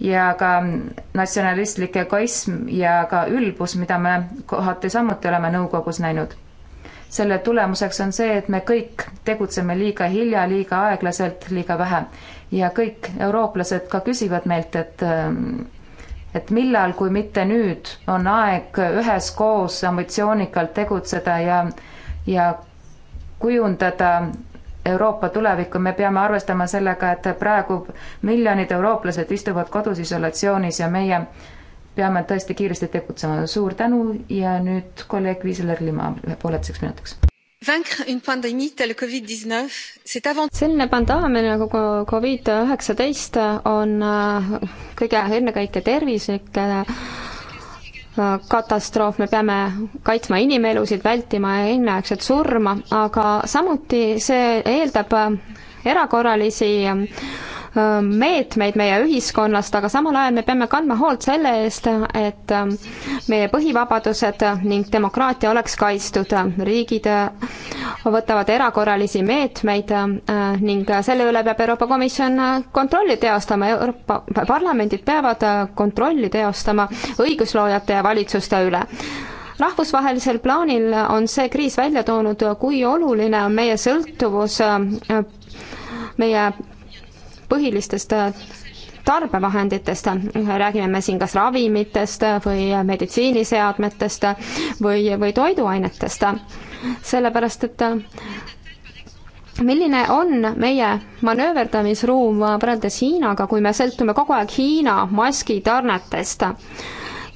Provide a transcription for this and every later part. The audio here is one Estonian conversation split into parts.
ja ka natsionalistlik egoism ja ka ülbus, mida me kohati samuti oleme nõukogus näinud. selle tulemuseks on see, et me kõik tegutseme liiga hilja, liiga aeglaselt, liiga vähe ja kõik eurooplased ka küsivad meilt, et et millal, kui mitte nüüd, on aeg üheskoos ambitsioonikalt tegutseda ja, ja kujundada Euroopa tulevikku, me peame arvestama sellega, et praegu miljonid eurooplased istuvad kodus isolatsioonis ja meie peame tõesti kiiresti tegutsema. suur tänu ja nüüd kolleeg Viisler-Lima pooleteiseks minutiks. selline pandeemia nagu Covid üheksateist on äh, kõige ennekõike tervislik äh, katastroof, me peame kaitsma inimelusid, vältima enneaegset surma, aga samuti see eeldab erakorralisi Äh, meetmeid meie ühiskonnast, aga samal ajal me peame kandma hoolt selle eest, et äh, meie põhivabadused ning demokraatia oleks kaitstud. riigid äh, võtavad erakorralisi meetmeid ning selle üle peab Euroopa Komisjon kontrolli teostama, Euroopa parlamendid peavad kontrolli teostama õigusloojate ja valitsuste üle rahvusvahelisel plaanil on see kriis välja toonud, kui oluline on meie sõltuvus meie põhilistest äh, tarbevahenditest, räägime me siin kas ravimitest või meditsiiniseadmetest või, või toiduainetest. sellepärast, et äh, milline on meie manööverdamisruum võrreldes Hiinaga, kui me sõltume kogu aeg Hiina maskitarnetest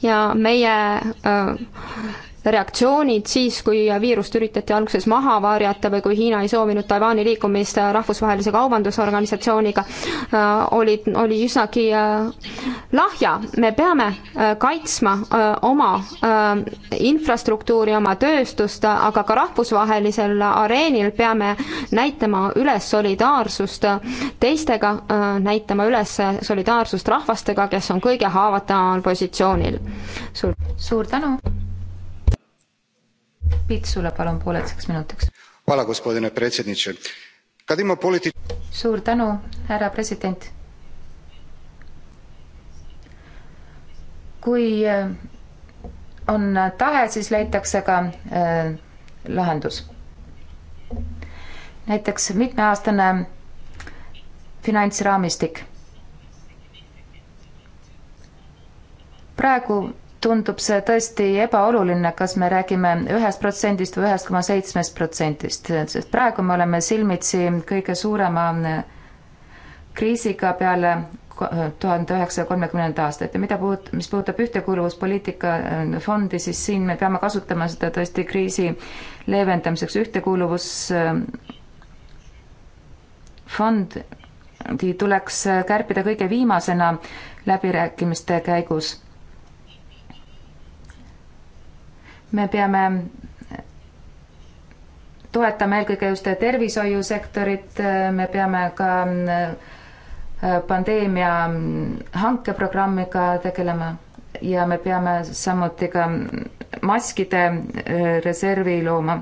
ja meie öö, äh, reaktsioonid siis, kui viirust üritati alguses maha varjata või kui Hiina ei soovinud Taiwan'i liikumist äh, rahvusvahelise kaubandusorganisatsiooniga, äh, olid, oli üsnagi äh, lahja. me peame kaitsma oma infrastruktuuri, oma tööstust, aga ka rahvusvahelisel areenil peame näitama üles solidaarsust teistega, näitama üles solidaarsust rahvastega, kes on kõige haavataval positsioonil. suur, suur tänu! Pitsula, palun pooleteiseks minutiks. suur tänu, härra president. kui eh, on tahe, siis leitakse ka äh, lahendus. näiteks mitmeaastane finantsraamistik. praegu tundub see tõesti ebaoluline, kas me räägime ühest protsendist või ühest koma seitsmest protsendist, sest praegu me oleme silmitsi kõige suurema äh, kriisiga peale äh, tuhande üheksasaja kolmekümnenda aastat ja mida puut-, mis puudutab ühtekuuluvuspoliitika äh, fondi, siis siin me peame kasutama seda tõesti kriisi leevendamiseks, ühtekuuluvusfond tuleks kärpida kõige viimasena läbirääkimiste käigus me peame toetama eelkõige just tervishoiusektorit, me peame ka äh, pandeemia hankeprogrammiga tegelema ja me peame samuti ka maskide äh, reservi looma.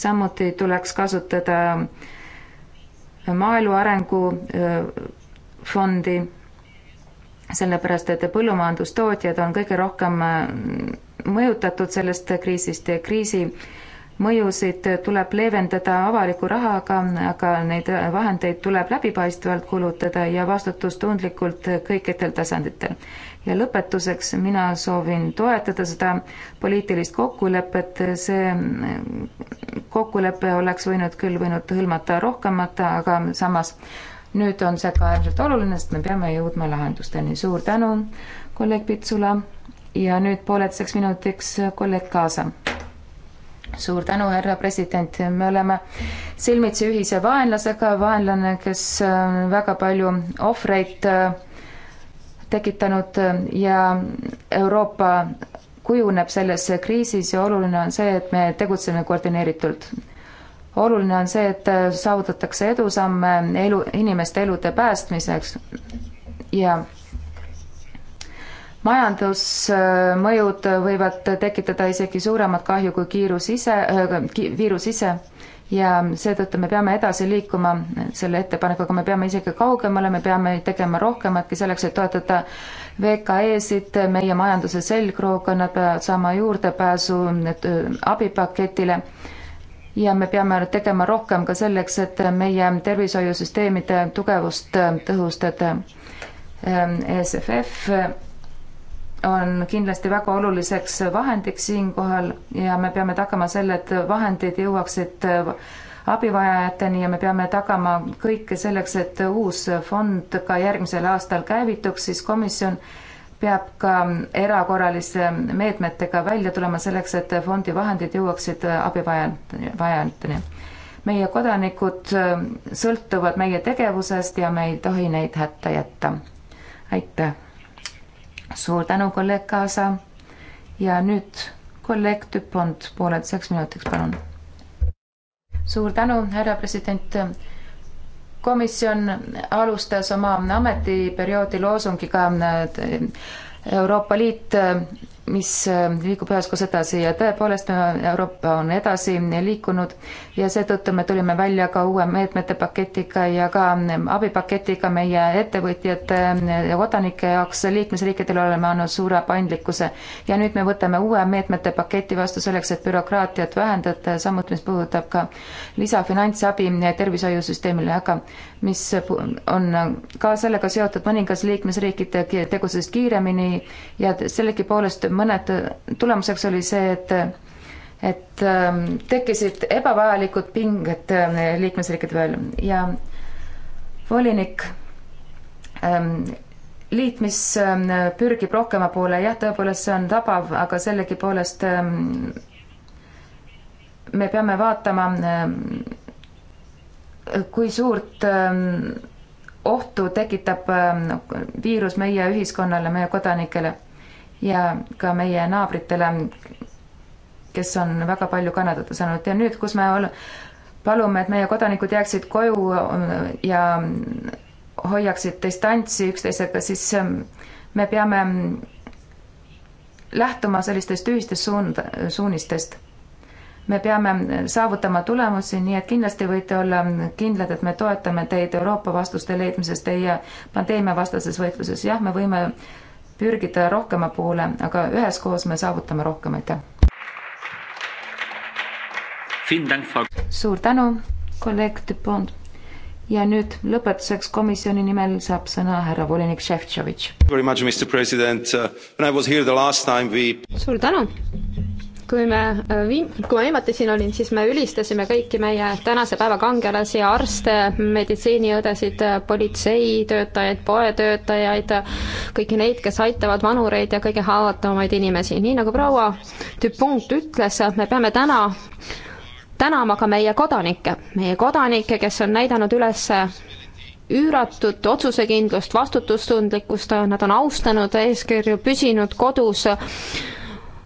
samuti tuleks kasutada maaelu arengufondi, äh, sellepärast et põllumajandustootjad on kõige rohkem mõjutatud sellest kriisist ja kriisi mõjusid tuleb leevendada avaliku rahaga, aga neid vahendeid tuleb läbipaistvalt kulutada ja vastutustundlikult kõikidel tasanditel. ja lõpetuseks mina soovin toetada seda poliitilist kokkulepet, see kokkulepe oleks võinud küll võinud hõlmata rohkemat, aga samas nüüd on see ka äärmiselt oluline, sest me peame jõudma lahendusteni. suur tänu, kolleeg Pitsula ja nüüd pooleteiseks minutiks äh, kolleeg kaasa. suur tänu, härra president, me oleme silmitsi ühise vaenlasega, vaenlane, kes äh, väga palju ohvreid äh, tekitanud ja Euroopa kujuneb selles kriisis ja oluline on see, et me tegutseme koordineeritult oluline on see, et saavutatakse edusamme elu, inimeste elude päästmiseks ja majandusmõjud võivad tekitada isegi suuremat kahju kui kiirus ise äh,, viirus ise ja seetõttu me peame edasi liikuma selle ettepanekuga, me peame isegi kaugemale, me peame tegema rohkematki selleks, et toetada VKE-sid, meie majanduse selgrooga, nad peavad saama juurdepääsu äh, abipaketile ja me peame tegema rohkem ka selleks, et meie tervishoiusüsteemide tugevust äh, tõhustada. Äh, ESFF on kindlasti väga oluliseks vahendiks siinkohal ja me peame tagama selle, et vahendid jõuaksid abivajajateni ja me peame tagama kõike selleks, et uus fond ka järgmisel aastal käivituks, siis komisjon peab ka erakorraliste meetmetega välja tulema selleks, et fondi vahendid jõuaksid abivajajateni. meie kodanikud äh, sõltuvad meie tegevusest ja me ei tohi neid hätta jätta. aitäh! suur tänu, kolleeg Kaasa. ja nüüd kolleeg Tüpond pooleteiseks minutiks, palun. suur tänu, härra president komisjon alustas oma ametiperioodi loosungiga Euroopa Liit mis äh, liigub üheskoos edasi ja tõepoolest äh, Euroopa on edasi liikunud ja seetõttu me tulime välja ka uue meetmete paketiga ja ka äh, abipaketiga meie ettevõtjate ja kodanike jaoks liikmesriikidele oleme andnud suure paindlikkuse. ja nüüd me võtame uue meetmete paketi vastu selleks, et bürokraatiat vähendada, samuti mis puudutab ka lisafinantsabi tervishoiusüsteemile, aga mis on ka sellega seotud mõningas liikmesriikide tegutses kiiremini ja sellegipoolest mõned, tulemuseks oli see, et et ähm, tekkisid ebavajalikud pinged ähm, liikmesriikide vahel ja volinik ähm, liit, mis pürgib rohkema poole, jah, tõepoolest see on tabav, aga sellegipoolest me peame vaatama kui suurt ähm, ohtu tekitab ähm, viirus meie ühiskonnale, meie kodanikele ja ka meie naabritele, kes on väga palju kannatada saanud ja nüüd, kus me palume, et meie kodanikud jääksid koju ähm, ja hoiaksid distantsi üksteisega, siis me peame mm, lähtuma sellistest ühistest suund-, suunistest me peame saavutama tulemusi, nii et kindlasti võite olla kindlad, et me toetame teid Euroopa vastuste leidmises teie pandeemiavastases võitluses. jah, me võime pürgida rohkema poole, aga üheskoos me saavutame rohkem, aitäh. suur tänu, kolleeg Dupont. ja nüüd lõpetuseks komisjoni nimel saab sõna härra volinik Šefčovitš. Uh, suur tänu kui me, äh, kui ma viimati siin olin, siis me ülistasime kõiki meie tänase päeva kangelasi, arste, meditsiiniõdesid, politseitöötajaid, poetöötajaid, kõiki neid, kes aitavad vanureid ja kõige haavatavamaid inimesi. nii nagu proua Dupont ütles, me peame täna tänama ka meie kodanikke, meie kodanikke, kes on näidanud üles üüratut otsusekindlust, vastutustundlikkust, nad on austanud eeskirju, püsinud kodus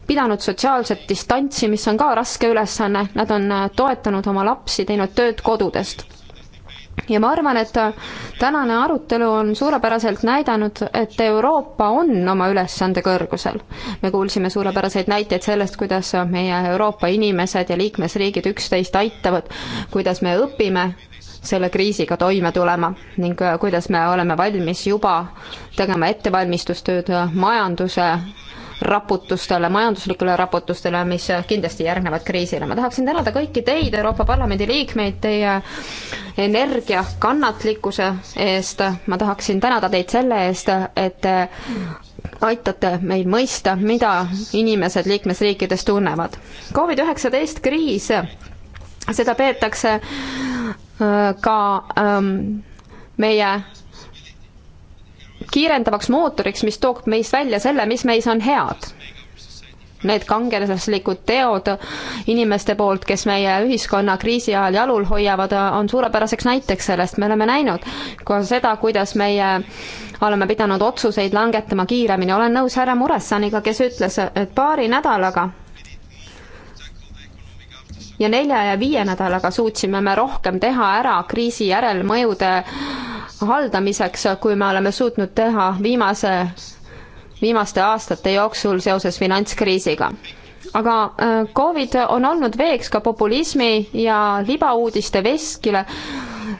pidanud sotsiaalset distantsi, mis on ka raske ülesanne, nad on äh, toetanud oma lapsi, teinud tööd kodudest. ja ma arvan, et äh, tänane arutelu on suurepäraselt näidanud, et Euroopa on oma ülesande kõrgusel. me kuulsime suurepäraseid näiteid sellest, kuidas äh, meie Euroopa inimesed ja liikmesriigid üksteist aitavad, kuidas me õpime selle kriisiga toime tulema ning kuidas me oleme valmis juba tegema ettevalmistustööd majanduse raputustele, majanduslikule raputustele, mis kindlasti järgnevad kriisile. ma tahaksin tänada kõiki teid, Euroopa Parlamendi liikmeid, teie energia kannatlikkuse eest, ma tahaksin tänada teid selle eest, et te aitate meil mõista, mida inimesed liikmesriikides tunnevad. Covid-19 kriis, seda peetakse äh, ka ähm, meie kiirendavaks mootoriks, mis toob meist välja selle, mis meis on head. Need kangelaslikud teod inimeste poolt, kes meie ühiskonna kriisi ajal jalul hoiavad, on suurepäraseks näiteks sellest, me oleme näinud ka seda, kuidas meie oleme pidanud otsuseid langetama kiiremini, olen nõus härra Muressaniga, kes ütles, et paari nädalaga ja nelja ja viie nädalaga suutsime me rohkem teha ära kriisi järelmõjude haldamiseks, kui me oleme suutnud teha viimase, viimaste aastate jooksul seoses finantskriisiga. aga äh, Covid on olnud veeks ka populismi ja libauudiste veskile,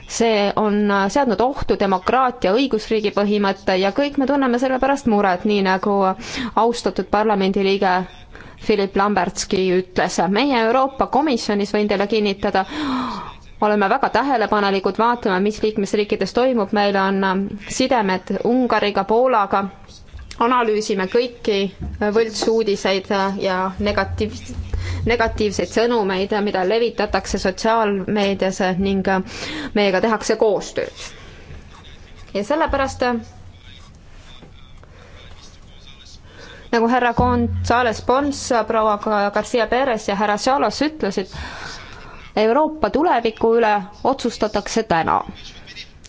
see on äh, seadnud ohtu demokraatia, õigusriigi põhimõtte ja kõik me tunneme selle pärast muret, nii nagu austatud parlamendiliige Philip Lambertski ütles, meie Euroopa Komisjonis, võin teile kinnitada, oleme väga tähelepanelikud, vaatame, mis liikmesriikides toimub, meil on ähm, sidemed Ungariga, Poolaga, analüüsime kõiki võltsuudiseid äh, ja negatiiv, negatiivseid sõnumeid, mida levitatakse sotsiaalmeedias äh, ning äh, meiega tehakse koostööd. ja sellepärast nagu härra Gonzales Pons, proua Garcia Perez ja härra Solos ütlesid, Euroopa tuleviku üle otsustatakse täna.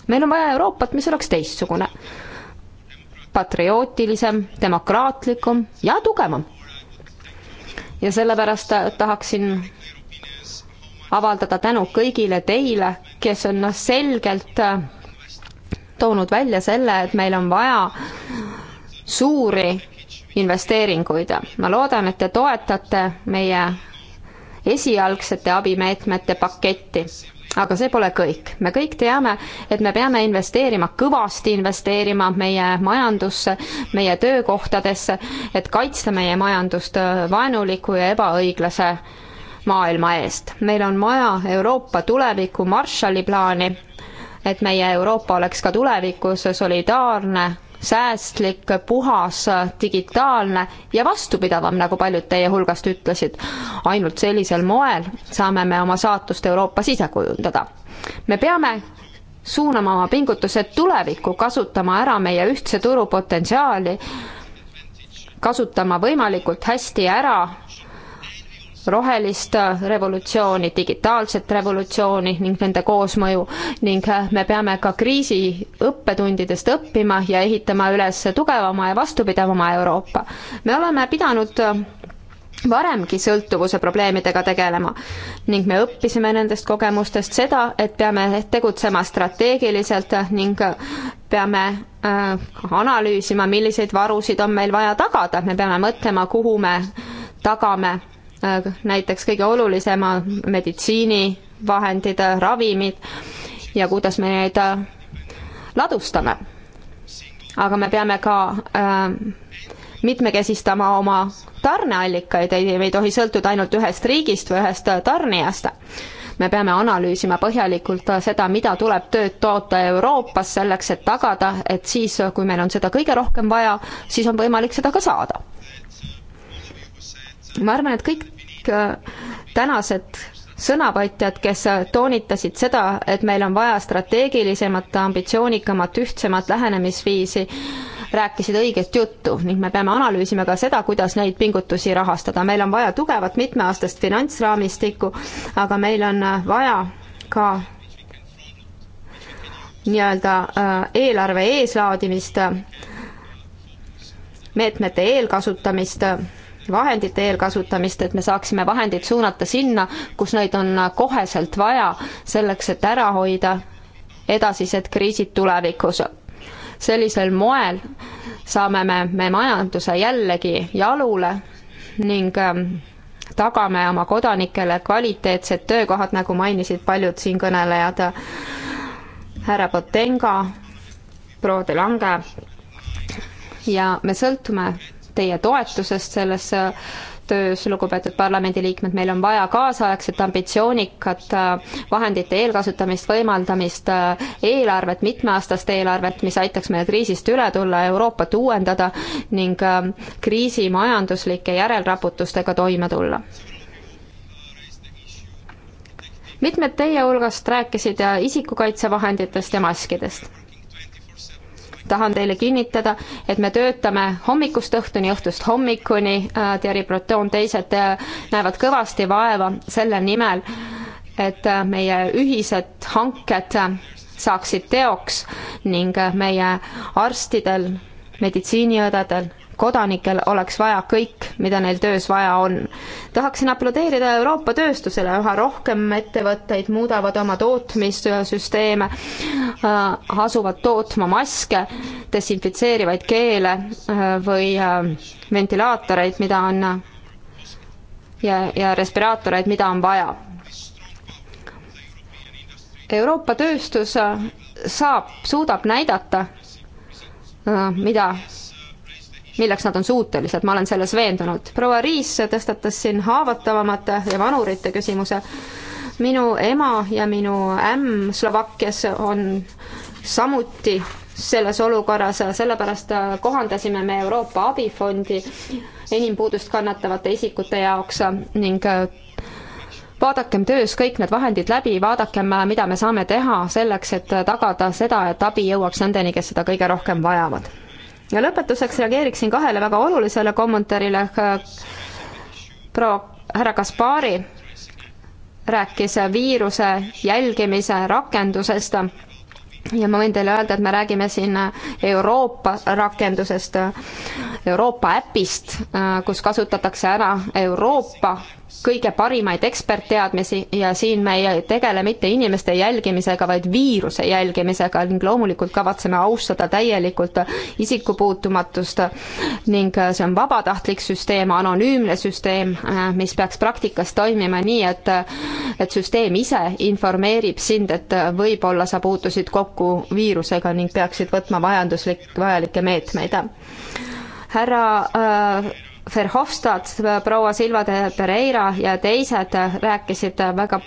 meil on vaja Euroopat, mis oleks teistsugune, patriootilisem, demokraatlikum ja tugevam. ja sellepärast tahaksin avaldada tänu kõigile teile, kes on selgelt toonud välja selle, et meil on vaja suuri investeeringuid. ma loodan, et te toetate meie esialgsete abimeetmete paketti aga see pole kõik. me kõik teame, et me peame investeerima, kõvasti investeerima meie majandusse, meie töökohtadesse, et kaitsta meie majandust äh, vaenuliku ja ebaõiglase maailma eest. meil on vaja Euroopa tuleviku Marshalli plaani, et meie Euroopa oleks ka tulevikus solidaarne säästlik, puhas, digitaalne ja vastupidavam, nagu paljud teie hulgast ütlesid. ainult sellisel moel saame me oma saatust Euroopas ise kujundada. me peame suunama oma pingutused tulevikku, kasutama ära meie ühtse turu potentsiaali, kasutama võimalikult hästi ära rohelist revolutsiooni, digitaalset revolutsiooni ning nende koosmõju ning äh, me peame ka kriisi õppetundidest õppima ja ehitama üles tugevama ja vastupidavama Euroopa. me oleme pidanud äh, varemgi sõltuvuse probleemidega tegelema ning me õppisime nendest kogemustest seda, et peame tegutsema strateegiliselt ning äh, peame äh, analüüsima, milliseid varusid on meil vaja tagada, me peame mõtlema, kuhu me tagame Äh, näiteks kõige olulisema meditsiinivahendid, ravimid ja kuidas me neid äh, ladustame. aga me peame ka äh, mitmekesistama oma tarneallikaid, ei, me ei tohi sõltuda ainult ühest riigist või ühest tarnijast me peame analüüsima põhjalikult seda, mida tuleb tööd toota Euroopas selleks, et tagada, et siis, kui meil on seda kõige rohkem vaja, siis on võimalik seda ka saada. ma arvan, et kõik kõik äh, tänased sõnavõtjad, kes äh, toonitasid seda, et meil on vaja strateegilisemat, ambitsioonikamat, ühtsemat lähenemisviisi, rääkisid õiget juttu ning me peame analüüsima ka seda, kuidas neid pingutusi rahastada. meil on vaja tugevat mitmeaastast finantsraamistikku, aga meil on äh, vaja ka nii-öelda eelarve eeslaadimist, meetmete eelkasutamist vahendite eelkasutamist, et me saaksime vahendid suunata sinna, kus neid on koheselt vaja, selleks et ära hoida edasised kriisid tulevikus. sellisel moel saame me, me majanduse jällegi jalule ning ähm, tagame oma kodanikele kvaliteetsed töökohad, nagu mainisid paljud siinkõnelejad, härra Potenga, proua De Lange, ja me sõltume teie toetusest selles töös, lugupeetud parlamendiliikmed, meil on vaja kaasaegset ambitsioonikat äh, vahendite eelkasutamist, võimaldamist, äh, eelarvet, mitmeaastast eelarvet, mis aitaks meil kriisist üle tulla, Euroopat uuendada ning äh, kriisi majanduslike järelraputustega toime tulla mitmed teie hulgast rääkisid isikukaitsevahenditest ja maskidest tahan teile kinnitada, et me töötame hommikust õhtuni, õhtust hommikuni, äh, Thierry Breton, teised äh, näevad kõvasti vaeva selle nimel, et äh, meie ühised hanked saaksid teoks ning meie arstidel, meditsiiniõdedel, kodanikel oleks vaja kõik, mida neil töös vaja on. tahaksin aplodeerida Euroopa tööstusele, üha rohkem ettevõtteid muudavad oma tootmissüsteeme, äh, asuvad tootma maske, desinfitseerivaid keele äh, või äh, ventilaatoreid, mida on ja, ja respiraatoreid, mida on vaja. Euroopa tööstus saab, suudab näidata, mida milleks nad on suutelised, ma olen selles veendunud. proua Riis tõstatas siin haavatavamate ja vanurite küsimuse. minu ema ja minu ämm Slovakkias on samuti selles olukorras, sellepärast kohandasime me Euroopa abifondi enim puudust kannatavate isikute jaoks ning vaadakem töös kõik need vahendid läbi, vaadakem, mida me saame teha selleks, et tagada seda, et abi jõuaks nendeni, kes seda kõige rohkem vajavad ja lõpetuseks reageeriksin kahele väga olulisele kommentaarile. proua härra Kaspari rääkis viiruse jälgimise rakendusest ja ma võin teile öelda, et me räägime siin Euroopa rakendusest, Euroopa äpist, kus kasutatakse ära Euroopa kõige parimaid ekspertteadmisi ja siin me ei tegele mitte inimeste jälgimisega, vaid viiruse jälgimisega ning loomulikult kavatseme austada täielikult isikupuutumatust ning see on vabatahtlik süsteem, anonüümne süsteem, mis peaks praktikas toimima nii, et et süsteem ise informeerib sind, et võib-olla sa puutusid kokku viirusega ning peaksid võtma majanduslik, vajalikke meetmeid. härra äh, Verhofstadt, proua Silva de Pereira ja teised rääkisid väga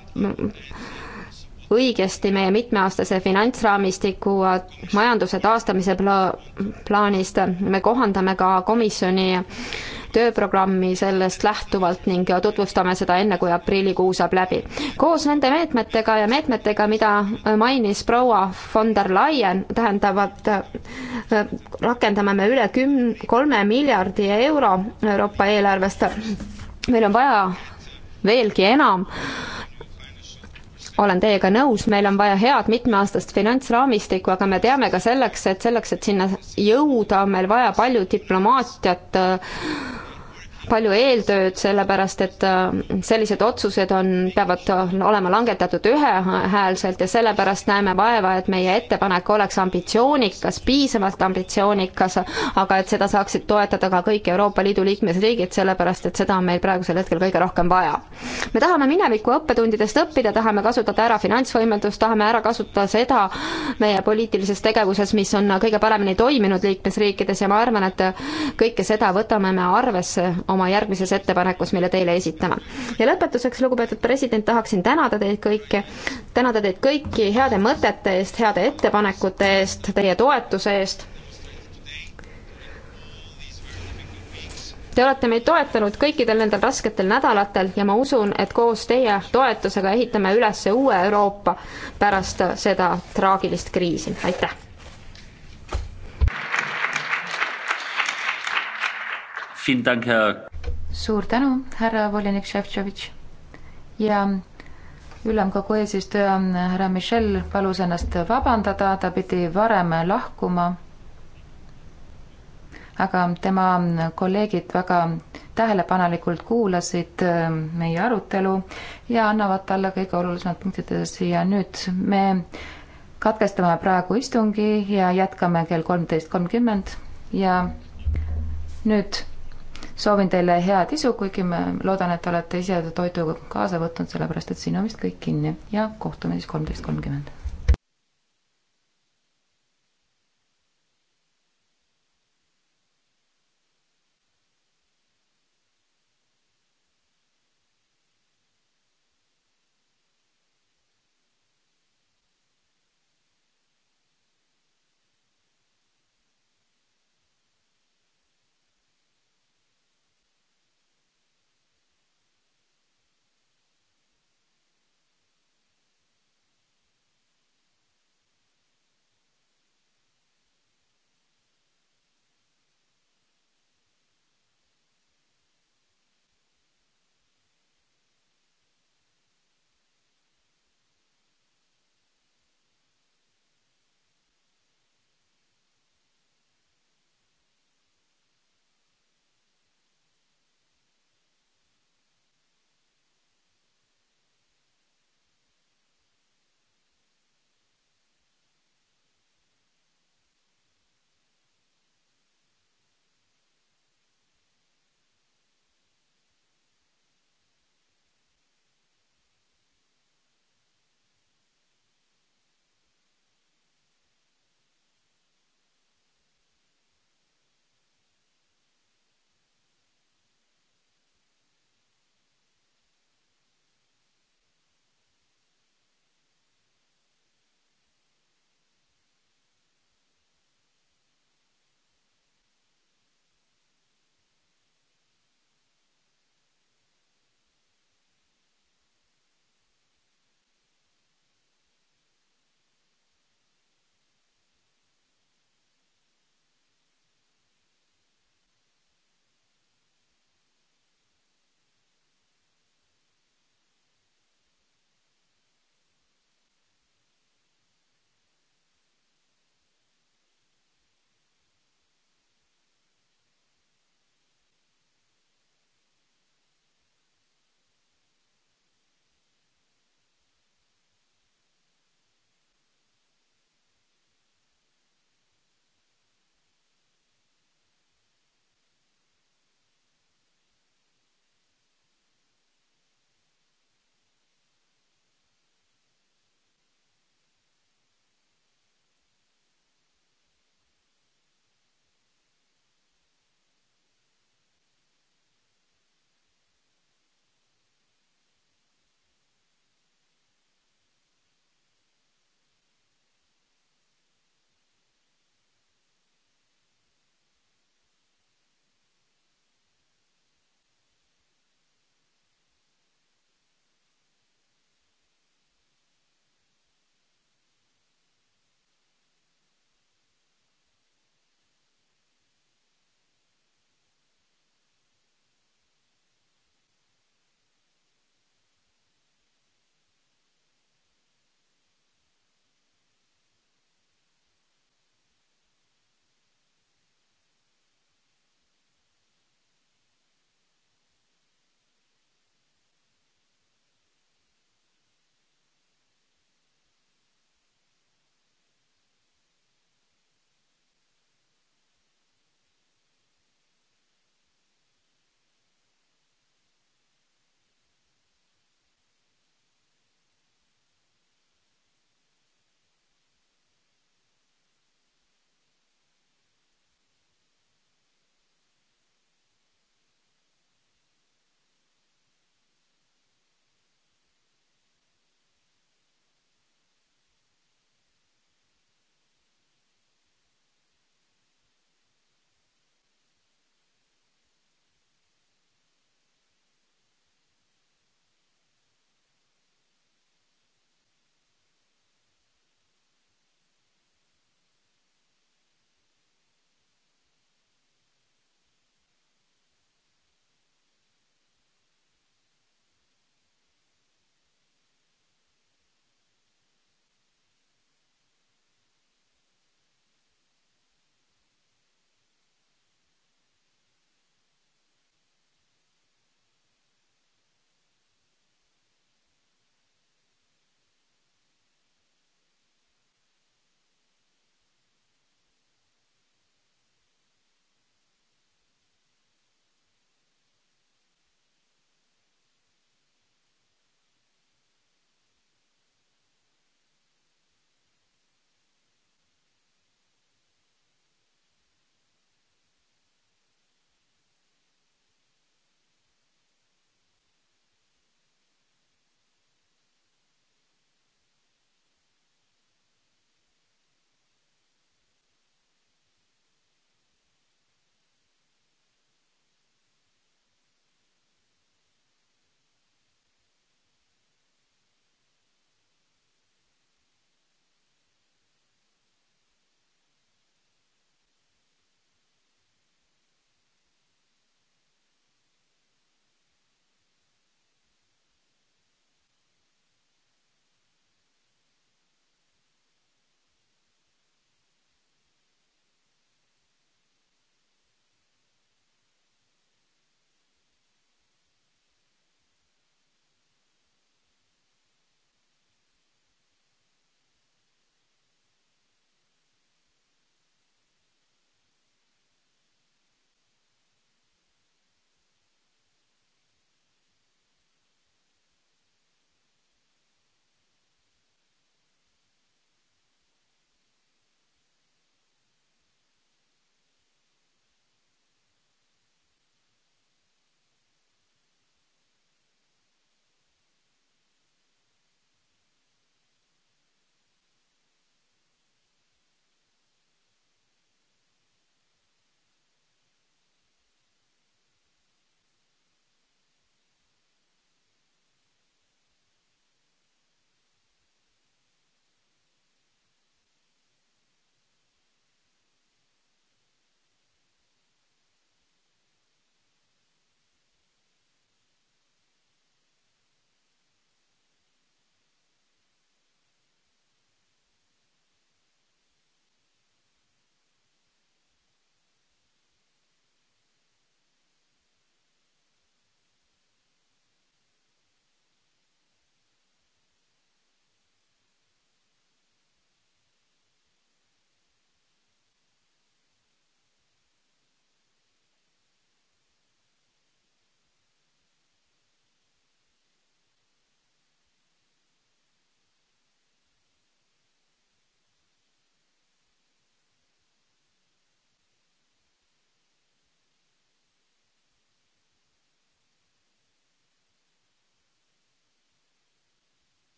õigesti meie mitmeaastase finantsraamistiku majanduse taastamise pla-, plaanist, me kohandame ka komisjoni tööprogrammi sellest lähtuvalt ning tutvustame seda enne, kui aprillikuu saab läbi. koos nende meetmetega ja meetmetega, mida mainis proua von der Leyen, tähendavad, rakendame me üle küm-, kolme miljardi euro Euroopa eelarvest. meil on vaja veelgi enam olen teiega nõus, meil on vaja head mitmeaastast finantsraamistikku, aga me teame ka selleks, et selleks, et sinna jõuda, on meil vaja palju diplomaatiat äh, palju eeltööd, sellepärast et äh, sellised otsused on, peavad olema langetatud ühehäälselt ja sellepärast näeme vaeva, et meie ettepanek oleks ambitsioonikas, piisavalt ambitsioonikas, aga et seda saaksid toetada ka kõik Euroopa Liidu liikmesriigid, sellepärast et seda on meil praegusel hetkel kõige rohkem vaja. me tahame mineviku õppetundidest õppida, tahame kasutada ära finantsvõimendust, tahame ära kasutada seda meie poliitilises tegevuses, mis on kõige paremini toiminud liikmesriikides ja ma arvan, et kõike seda võtame me arvesse oma oma järgmises ettepanekus, mille teile esitame. ja lõpetuseks, lugupeetud president, tahaksin tänada teid kõiki, tänada teid kõiki heade mõtete eest, heade ettepanekute eest, teie toetuse eest Te olete meid toetanud kõikidel nendel rasketel nädalatel ja ma usun, et koos teie toetusega ehitame üles uue Euroopa pärast seda traagilist kriisi, aitäh! suur tänu, härra volinik Šefčovitš ja ülemkogu eesistuja härra Michel palus ennast vabandada, ta pidi varem lahkuma. aga tema kolleegid väga tähelepanelikult kuulasid äh, meie arutelu ja annavad talle kõige olulisemad punktid edasi ja nüüd me katkestame praegu istungi ja jätkame kell kolmteist kolmkümmend ja nüüd soovin teile head isu, kuigi ma loodan, et olete ise toidu kaasa võtnud, sellepärast et siin on vist kõik kinni ja kohtume siis kolmteist kolmkümmend